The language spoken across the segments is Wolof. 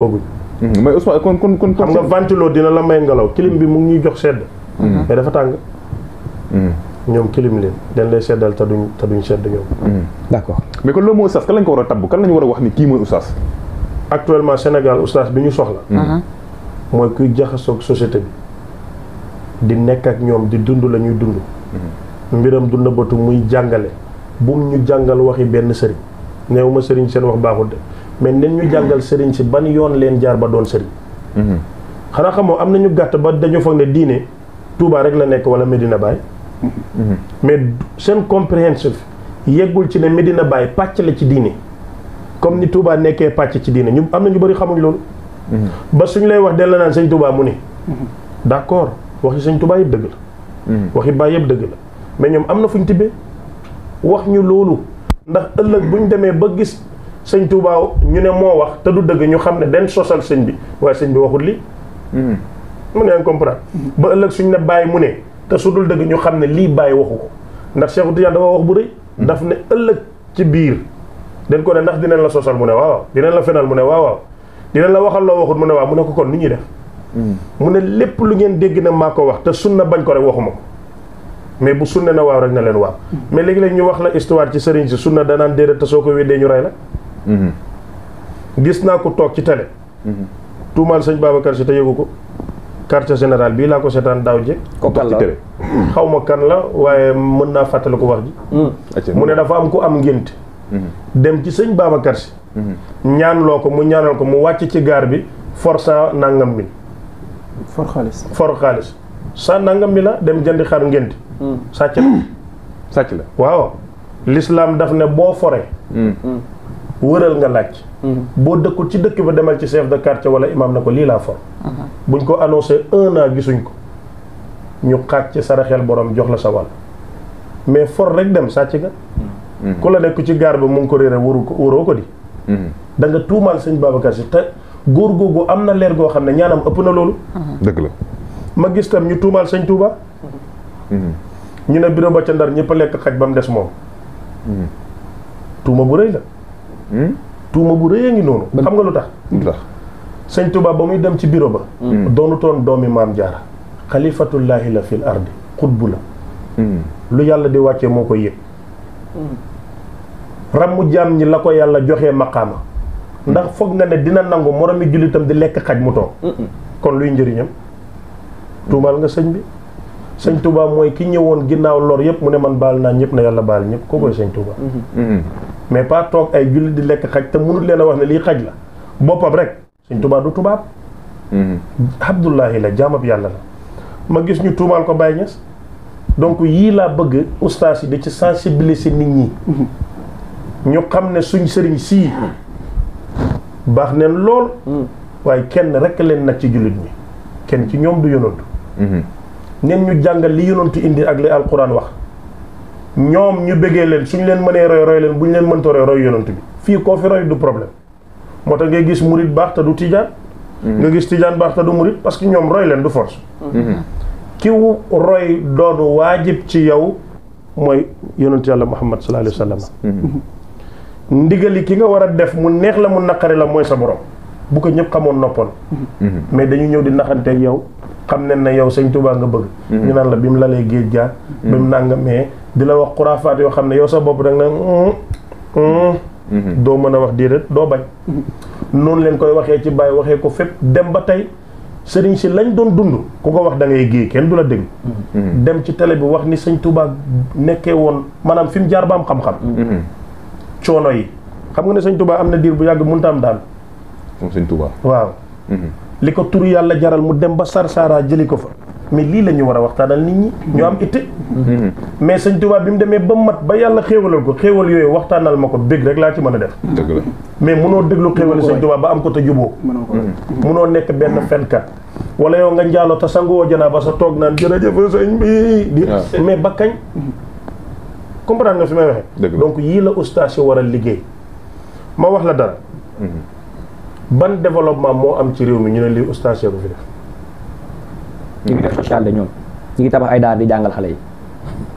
boobu mhm. mais Ousmane kon xam nga ventilo dina la may ngelaw clim bi mu ngi ñuy jox sedd mhm. mais dafa tàng mhm. ñoom clim leen dañ lay seddal te duñ te duñ sedd ñoom d'accord mais kon loolu mooy oustaz kan lañ ko war a tabb kan lañ war a wax ni kii mooy oustaz actuellement Sénégal oustaz bi ñu soxla mooy kuy jaxasoog société bi di nekk ak ñoom di dund la ñuy dund mbiram du nëbbatu muy jàngale bum ñu jàngal waxi benn sëriñ neew ma sëriñ seen wax baaxul de mais nen ñu jàngal sëriñ si ban yoon leen jaar ba doon sëriñ mhm. xanaa xamoo am na ñu gàtt ba dañu foog ne diine Touba rek la nekk wala Medina Baye mhm. mais seen compréhensif yeggul ci ne Medina bàyyi pàcc la ci diine comme ni Touba nekkee pàcc ci diine ñu am na ñu bëri xamuñ loolu mhm. ba suñ lay wax del la naan sëñ Touba mu ne d'accord wax sëñ Touba yëpp dëgg la yëpp dëgg la mais ñoom am na fuñ tibbee wax ñu loolu ndax ëllëg buñ demee ba gis sëñ Touba ñu ne moo wax te du dëgg ñu xam ne den sosal sëñ bi waaye sëñ bi waxul lii hmm. mu ne comprendre ba ëllëg suñ ne bàyyi mu ne te su dul dëgg ñu xam ne lii bàyyi waxu ko ndax Cheikh Tidiane dafa wax bu rëy hmm. daf ne ëllëg ci biir dañ ko ne ndax dinañ la sosal mu ne waaw waaw dinañ la fenal mu ne waaw waaw dinañ la waxal loo waxut mu ne waaw mu ne ko kon lu ñuy def hmm. mu ne lépp lu ngeen dégg na maa ko wax te sunna bañ ko rek waxuma ko mais bu sunna na waaw rek na leen waaw mais léeg ñu wax la histoire ci sëriñ si sunna danaan déedéet te soo ñu rey la Mhm. gis naa ko toog ci télé. Mhm. tuumaal sëñ Babacar si te yëgu ko. quartier général bii laa ko seetaan daaw je. ko toog ci télé. Mhm. xaw ma kan la waaye mën naa fàttali ko wax ji. mu ne dafa am ku am ngént. dem ci sëñ Babacar si. ñaan loo ko mu ñaanal ko mu wàcc ci gaar bi for saa nangam bi. nangam bi la dem jëndi xar ngént. sàcc la sàcc la waaw. l'islam daf ne boo foree. wëral nga laaj. Mhm. boo dëkkul ci dëkk ba demal ci chef de quartier wala imam na ko lii laa for. Mhm. buñ ko annoncé un an gisuñ ko ñu xaaj ci saraxel borom jox la sa wàll mais for rek dem sàcc nga. Mhm. ku la nekk ci gaar ba mu ngi ko réere waru ko waroo ko di. da nga tuumaal sëñ Babacar te góor googu am na leer goo xam ne ñaanam ëpp na loolu. dëgg la ma gis tam ñu tuumaal sëñ Touba. ñu ne bureau ba ca ndar ñëpp a lekk xaj ba mu des moom. tuuma bu rëy la. Hmm? tuuma bu rëy a ngi noonu. xam nga lu tax. lu tax ba muy dem ci bureau ba. Hmm. doonutoon doomi maam jaara xalifatullahi la fil ardi xutbu la. Hmm. lu yàlla di wàcce moo koy yëg. ramu jaam ñi la ko yàlla joxe maqaama. ndax foog nga ne dina nangu moromi jullitam di lekk xaj mu toog. kon luy njëriñam. tuumaal nga sëñ bi. sëñ Touba mooy ki ñëwoon ginnaaw lor yëpp mu ne man baal naa ñëpp na yàlla baal ñëpp ko koy sëñ Touba. mais pas toog ay jullit di lekk xaj te mënut leen a wax ne lii xaj la boppam rek suñ tubaab du tubaab. Mm-hmm. Abdullahi la jaamab yàlla la. ma gis ñu tuumaal ko Baye Niass donc yii laa bëgg ustaas yi di ci si nit ñi. Mm-hmm. ñu xam ne suñ sëriñ sii. baax neen lool. Mm-hmm. waaye kenn rek leen nag ci jullit ñi. kenn ci ñoom du yonantu. neen ñu jàngal li yonantu indi ak li al alquran wax. ñoom ñu bëggee leen suñ leen mënee roy roy leen bu ñu leen mënta roy roy yonent bi fii koo fi roy du problème moo tax ngay gis murit baax te du tijaan mm-hmm. nga gis tijaan baax te du murit parce que ñoom roy leen du force mm-hmm. ki roy doonu waajib ci yow mooy yonent yàlla muhammad sa alayhi wa sallam mm-hmm. ndigali ki nga war a def mu neex la mu naqari la mooy sa borom bu ko ñëpp xamoon noppoon mais dañu ñëw di naxanteeg yow xam ne na yow sañ Tuubaa nga bëgg ñu naan la bi mu lalee géej jaar bi mu nanga mais di la wax xuraafaat yoo xam ne yow sa bopp da mm, mm. doo mën a wax déedéet doo bañ noonu leen koy waxee ci bàyyi waxee ko fépp dem ba tey sëriñ si lañ doon dund ku ko wax da ngay géey kenn du la dégg dem ci télé bi wax ni sëñ Tuubaa nekkee woon maanaam fi mu jaar ba am xam-xam mm-hmm. coono yi xam nga ne sëñ Tuubaa am na diir bu yàgg mënut am daal moom sëñ Touba waaw mhm. li ko turu yàlla jaral mu dem ba Sarsara jëli ko fa mais lii la ñu war a waxtaanal nit ñi ñu am itte mhm. mais sëñ Touba bi mu demee ba mat ba yàlla xéewalal ko xéewal yooyu waxtaanal ma ko dégg rek laa ci mën a def mais munoo déglu xéewali sëñ Touba ba am ko te juboo munoo mhm. nekk benn fenkat wala yow nga njaaloo te sanguwoo janaa ba sa toog naan jërëjëf sëñ bi ah. mais ba kañ comprendre nga fi may waxee donc yii la ustaas si war a liggéey ma wax la dara ban développement moo am ci réew mi ñu ne lii oustaz Cheikh fi def. ñu ngi def social de ñoom ñu ngi tabax ay daara di jàngal xale yi.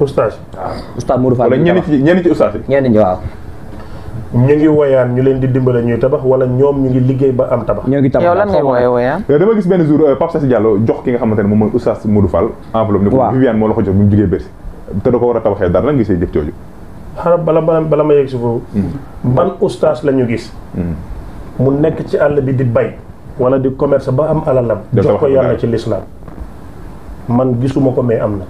oustaz. waaw oustaz Modou Fall. wala ñenn ci ñenn ci oustaz yi. ñenn ñi waaw. ñu ngi woyaan ñu leen di dimbale ñuy tabax wala ñoom ñu ngi liggéey ba am tabax. ñoo ngi tabax yow lan ngay woyee woyaan. Eh, dama gis benn jour eh, Pape Sassi Diallo jox ki nga xamante ne moom mooy oustaz Modou Fall. enveloppe ni ko Viviane moo la ko jox bu ñu jugee Bercy. te da war a tabaxee dara lan nga gisee jëf jooju. xanaa bala bala ma yegg si foofu. Hmm. ban oustaz la ñu gis hmm. mu nekk ci àll bi di bay wala di commerce ba am alalam jox ko yàlla ci lislaam man gisuma ko mais am na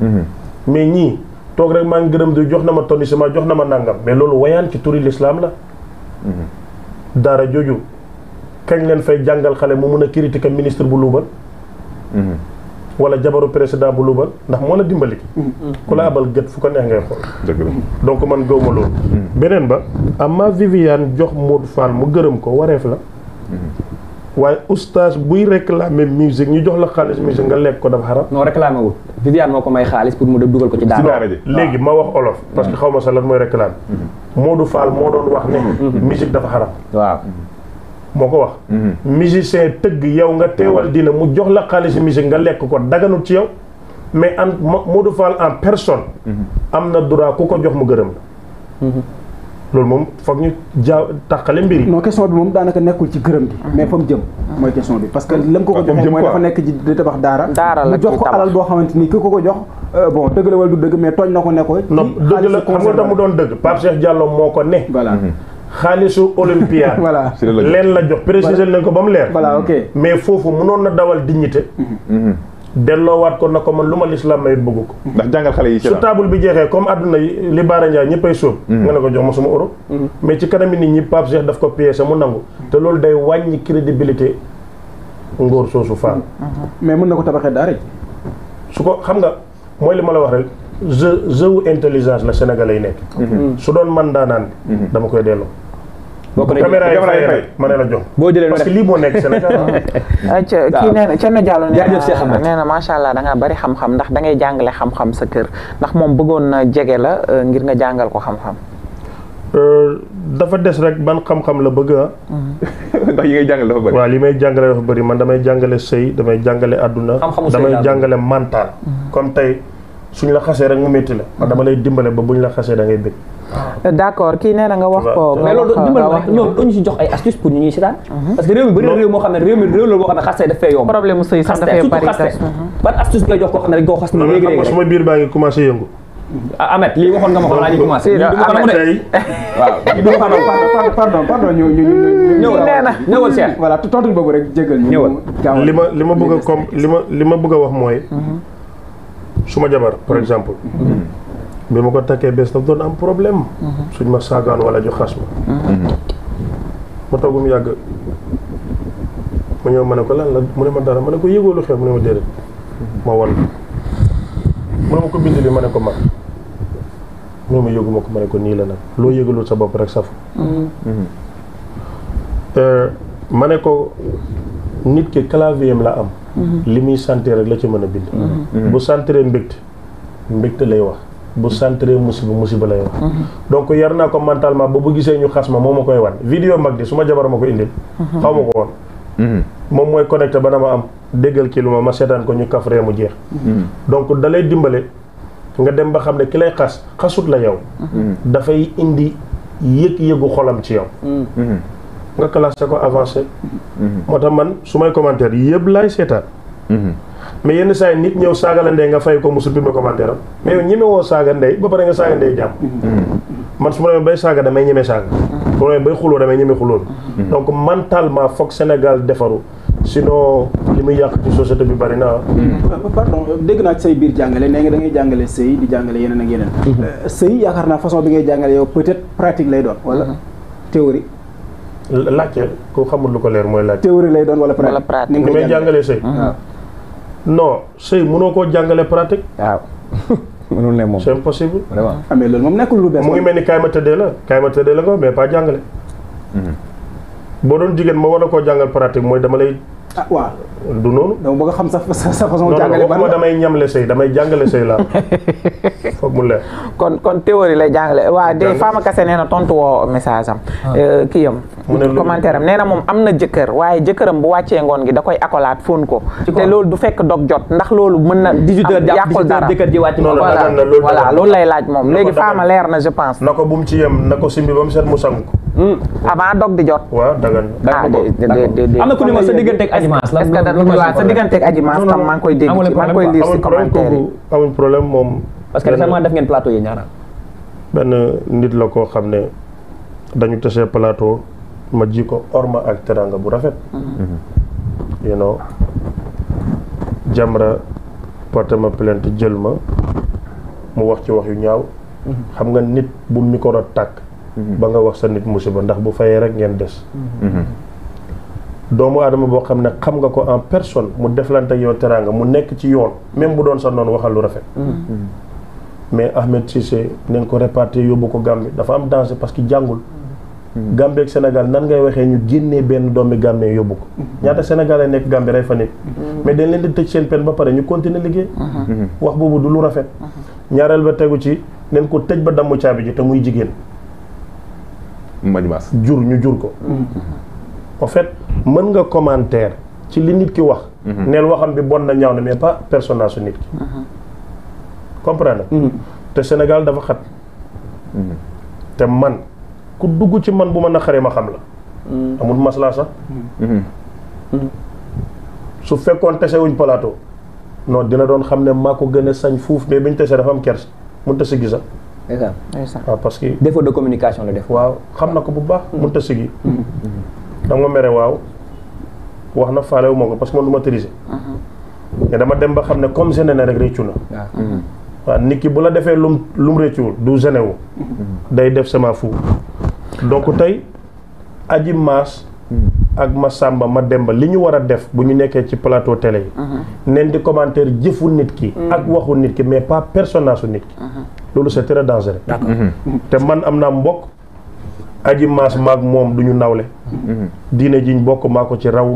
mhm. mais ñii toog rek maa ngi gërëm di jox na ma tonni sama jox na ma nàngam mais loolu wayaan ci turi lislaam la mhm. daara jooju kañ leen fay jàngal xale mu mën a critiquer ministre bu luubal mhm. wala jabaru président bu lubal ndax moo la dimbali. Mm-hmm. ku la abal gët fu ko neex ngay xool. donc man gëw ma loolu. Mm-hmm. beneen ba ama Viviane jox Modou Fall mu gërëm ko wareef la. Mm-hmm. waaye oustaz buy réclamer musique ñu jox la xaalis musique nga lekk ko dafa xaram. non réclamer wul Viviane moo ko may xaalis pour mu dem dugal ko ci daara léegi ma wax olof. parce que xaw ma sa lan mooy réclame. Modou faal moo doon wax ne. musique dafa xaram. waaw. moo ko wax. Mhm. musicien tëgg yow nga teewal dina mu jox la xaalis musique nga lekk ko daganut ci yow. mais moo en Modou Fall en personne. Mhm. am na droit ku ko jox mu gërëm la. Mhm. loolu moom foog ñu jaa tàqale mbir yi. non question bi ci gërëm gi. mais fa mu jëm mooy question bi. parce que lam ko ko joxee mooy dafa nekk ci di tabax daara. daara la jox ko alal boo xamante ni ki ko ko jox. Euh, bon dëgg la wala du dëgg mais tooñ na ko ne ko. ci xaalis dëgg la xam nga doon dëgg Pape Cheikh Diallo moo ko ne. voilà. xaalisu olympiade. voilà leen la jox préciser nañ ko ba mu leer. voilà ok mais foofu mënoon na dawal dignité. Mhm. delloowaat ko na ko man lu ma lislaam mayut bëgg ko. Mhm. ndax jàngal xale yi ci su bi jeexee comme àdduna yi li Baara Ndiaye ñëppay sóob. Mhm. nga ne ko jox ma suma euro. mais ci kanami nit ñi Pape Cheikh daf ko piéger mu nangu. te loolu day wàññi crédibilité ngóor soosu faal. mais mën na ko tabaxee daara su ko xam nga mooy li ma la wax rek jeu jeu intelligence la sénégal yi nekk. su doon man daanaan. dama koy delloo. boo ko defee ma ne la jox boo jëlee parce que lii moo nekk Sénégal. Ah, kii nee na Thierno Diallo nee na macha allah da ngaa bari xam-xam ndax da ngay jàngale xam-xam sa kër ndax moom bëggoon na jege la euh, ngir nga jàngal ko xam-xam. Euh, dafa des rek ban xam-xam la bëgg a. Ah. Mm-hmm. ndax yi ngay jàngale dafa bëri. waaw li may jàngale dafa bëri man damay jàngale sëy damay jàngale àdduna. damay jàngale mental. comme mm-hmm. tey suñ la xasee rek mu métti la. Mm-hmm. dama lay dimbale ba buñ la xasee da ngay bëgg Euh, d'accord kii nee na nga wax ko. mais loolu dimbali wax jox ay astuces pour ñu ñuy seetaan. Mhm. parce xam ne réew mi réew la boo xam ne xas tey dafay yomb. problème mu sëy sax mhm. xam ne rek koo xas. léegi ah, nga ma ko ñu commencé. waaw pardon pardon ñu ñu ñu ñu. nee na ñëwal Cheikh. voilà tontu boobu rek jégal ñu. ma li ma bëgg a comme li ma li ma bëgg a wax mooy. Mhm. suma jabar par exemple. bi ma ko takkee bés daf doon am problème. Mhm. suñ ma saagaan wala ju xas ma. Mhm. Mhm. ma toog mu yàgg ma ñëw ma ne ko lan la mu ne ma dara ma ne ko yëgoo xew mu ne ma déedéet ma won mu ne ma ko bind li ma ne ko mag mu ma yëgu ko ma ne ko nii la nag loo yëgalul sa bopp rek safu euh, ma ne ko nit ki clavier am la am li muy santé rek la ci mën a bind bu santé mbégte mbégte lay wax bu centré musiba musiba lay wax donc yar naa ko mentalement ba bu gisee ñu xas ma moom ma koy wan vidéo mag di su ma jabar ma ko indil mhm. xaw ma ko woon mhm. moom mooy connecté ba na ma am déggal kii lu ma ma seetaan ko ñu kaf ree mu jeex mhm. donc da lay dimbale nga dem ba xam ne ki lay xas xasut la yow dafay indi yëg-yëgu xolam ci yow nga classé ko avancé moo tax man su may commentaire yëpp laay seetaan Mm-hmm. mais yenn saa nit ñëw saaga la ndey nga fay ko mu supprimer commentaire am mais yow ñeme woo saaga ndey ba pare nga saaga ndey jàmm. Mm-hmm. man su ma demee bay saaga damay ñeme saaga. Mm-hmm. su ma demee bay xuloo damay ñeme xuloon. donc mentalement foog Sénégal defaru sinon li muy yàq ci société bi bari na pardon dégg naa ci say biir jàngale nee da ngay jàngale sëy di jàngale yeneen ak yeneen. Euh, sëy yaakaar naa façon bi ngay jàngale yow peut-être pratique lay doon wala théorie. laajte ku xamul lu ko leer mooy laajte. théorie lay doon wala pratique. ni may jàngalee sëy non sëy mënoo koo jàngale pratique. waaw mënul ne moom c'est impossible. vraiment ah mais moom nekkul lu bees. mu ngi mel ni kaay ma tëddee la kaay ma tëddee la ko mais pas jàngale. Mhm. boo doon jigéen ma war a koo jàngal pratique mooy dama lay ah du noonu. donc ba nga xam sa sa façon. jàngale ban non damay ñamle sëy damay jàngale sëy laa foog mu kon kon théorie lay jàngale waa de Fama kase nee na tontu woo message am. Ah. Euh, kii am. commentaire am nee na moom am na jëkkër waaye jëkkëram bu wàccee ngoon gi da koy akolaat fóon ko. te loolu du fekk dog jot ndax loolu mën na. 18h jàpp 18h jëkkër loolu lay laaj moom léegi Fama leer na je pense. na ko bu mu ci yem na ko simbi ba mu set mu sang ko Hmm. avant dog di jot. waaw dagan am na ku ne ma sa digganteeg Adji la sa digganteeg Adji Mass tam koy dégg ci maa koy lire ci commentaire yi amul problème moom. parce que récemment def ngeen plateau yi ñaara. Eh, nit la ko xam ne dañu tase plateau ma ji ko orma ak bu rafet. Mhm. you know Jamra porté ma plainte jël ma mu wax ci wax yu ñaaw. Mhm. xam nga nit bu micro tàkk. Mhm. ba nga wax sa nit musiba ndax bu fayee rek ngeen des mhm. doomu adama boo xam ne xam nga ko en personne mu deflante yow teraanga mu nekk ci yoon même bu doon sa noon waxal lu rafet mhm. mais Ahmed Cissé nañ ko répartir yóbbu ko Gambie dafa am danger parce que jàngul Gambie Sénégal nan ngay waxee ñu génnee benn doomi Gambie yóbbu ko ñaata sénégalais nekk Gambie rey fa nit mais dañ leen di tëj seen peine ba pare ñu continuer liggéey wax boobu du lu rafet ñaareel ba tegu ci nañ ko tëj ba damm caabi ji te muy jigéen Mbadj jur ñu jur ko. Mm-hmm. en fait mën nga commentaire ci li nit ki wax. Mm-hmm. neel waxam bi bon na ñaaw na mais pas personnage su nit ki. Mm-hmm. comprendre te Sénégal dafa xat. te man ku dugg ci man bu ma naqaree ma xam la. amul maslaa sax. su fekkoon tese wuñ plateau. non dina doon xam ne maa ko gën a sañ fuuf mais biñ tese dafa am kers mun tese gisa waaw ah, parce que. défaut de communication la def. waaw xam na ko bu baax. Mm-hmm. mu a sigi. Mm-hmm. da nga mere waaw wax na faale wu ma ko parce que man du ma triser. Mm-hmm. mais dama dem ba xam ne comme gêné na rek réccu na. waaw nit ki bu la defee lum lum réccuwul du gêné wu. day def sama fu. donc tey aji maas. ak ma sàmba ma demba li ñu war a def bu ñu nekkee ci plateau tele yi. nen di commentaire jëfu nit ki. ak waxu nit ki mais pas personnage su nit ki. loolu c'est très dangereux. Mhm. te man am naa mbokk aji maas maag moom du ñu nawle. Mhm. diine jiñ bokk maa ko ci raw.